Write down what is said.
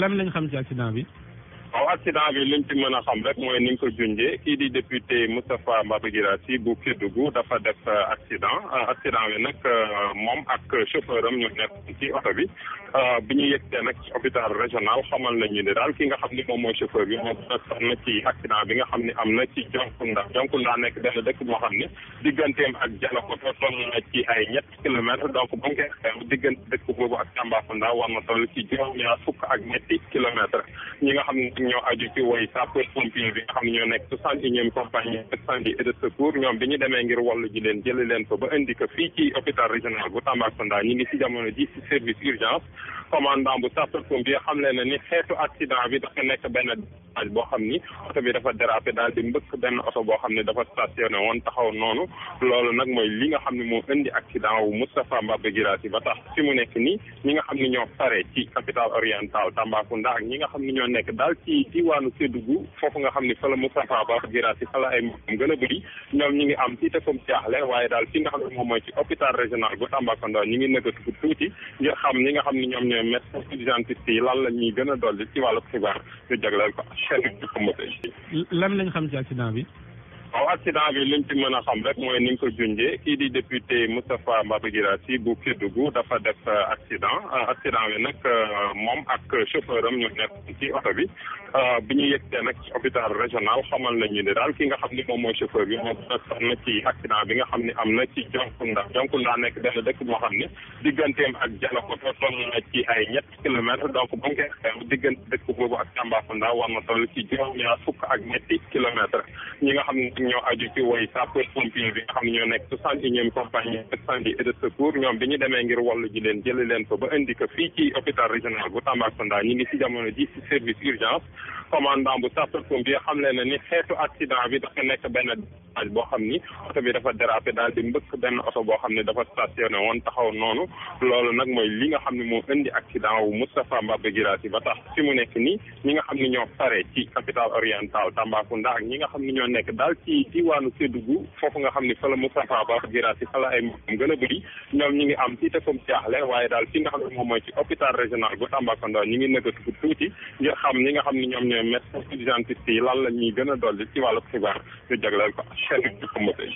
lan lañ xam ci accident bi. waaw accident bi liñ ci mën a xam rek mooy niñ ko junjee kii di député Moustapha Mamba Guirassy bu Kédougou dafa def euh, accident euh, accident bi nag euh, moom ak chauffeur am ñoo nekk ci oto bi bi ñu yegtee nag ci hôpital régional xamal nañu ne daal ki nga xam ni moom mooy chauffeur bi moom desoon na ci accident bi nga xam ni am na ci Jonkunda Jonkunda nekk benn dëkk boo xam ne digganteem ak Dialokoto toll na ci ay ñetti kilomètres donc ba nga xew diggante dëkk boobu ak Tambacounda war na toll ci juróom-ñaar fukk ak ñetti kilomètres ñi nga xam ne ñoo aju ci woy sapeur pompier bi nga xam ne ñoo nekk soixante et unième compagnie d'incendie et de secours ñoom bi ñu demee ngir wallu ji leen jëli leen ko ba indi ko fii ci hôpital régional bu Tambacounda ñu ngi si jamono ji ci service urgence commandant bu sapeur pompier xam leen ne ni xeetu accident bi dafa nekk benn naaj bo xamni auto bi dafa déraper dal di mbeuk ben auto bo xamni dafa stationné won taxaw nonu lolu nak moy li nga xamni mo indi accident wu Moustapha Mbaba Girassi ba tax fi mu nek ni ñi nga xamni ño faré ci capital oriental Tambacounda ak ñi nga xamni ño nek dal daal ci diwaanu Sédougou fofu nga xamni fala fa la Moustapha fala Guirassy fa la ay mom gëna bëri ñom ñi ngi am ci tefum jaaxle waye dal fi nga xamni mom moy ci hôpital régional bu Tambacounda ñi ngi nëkkatu ci tuuti ngir xam ñi nga xamni ñom ñoy ñooy médecins yi lan la ñuy gën dolli ci walu xibaar ñu jagalal ko xel xam nga lan lañ xam ci bi. accident bi lim ci mën a xam rek mooy ni ko junjee kii di député Moustapha Mbaba Guirassy bu Kédougou dafa def euh, accident euh, accident bi nag euh, moom ak chauffeur am ñoo nekk ci oto bi bi ñu yegtee nag ci hôpital régional xamal nañu ne daal ki nga xam ni moom mooy chauffeur bi moom dafa na ci accident bi nga xam ni am na ci Jonkunda Jonkunda nekk benn dëkk boo xam ni digganteem ak Dialakoto toll na ci ay ñett kilomètres donc ba ngeen koy diggante dëkk boobu ak Tambacounda war na toll ci juróom-ñaar fukk ak ñetti kilomètres ñi nga xam ni ñoo aju ci woy sapeur pompier bi nga xam ne ñoo nekk soixante et unième compagnie d'incendie et de secours ñoom bi ñu demee ngir wallu ji leen jëli leen ko ba indi fii ci hôpital régional bu Tambacounda ñu ngi ci jamono ji ci service urgence commandant bu sapeur pompier xam leen ne ni xeetu accident bi dafa nekk benn passage bo xamni ni bi dafa déraper dal di mbeuk ben auto bo xamni dafa stationné won taxaw nonu lolu nak moy li nga xamni mo indi accident wu Moustapha Mbaba Girassi ba tax fi mu nek ni ñi nga xamni ño faré ci capital oriental Tambacounda ak ñi nga xamni ño nek dal daal ci diwaanu Sédougou fofu nga xamni ne fa la Moustapha Mbaba Guirassy fa la ay mom gëna bëri ñom ñi ngi am ci tefum jaaxle waye dal fi nga xamni mom moy ci hôpital régional bu Tambacounda ñi ngi nëgatu ci tuuti ngir xam ñi nga xamni ñom ñoy ñooy médecins yi lan la ñuy gën dolli ci walu xibaar ñu jagalal ko can't do nothing with it.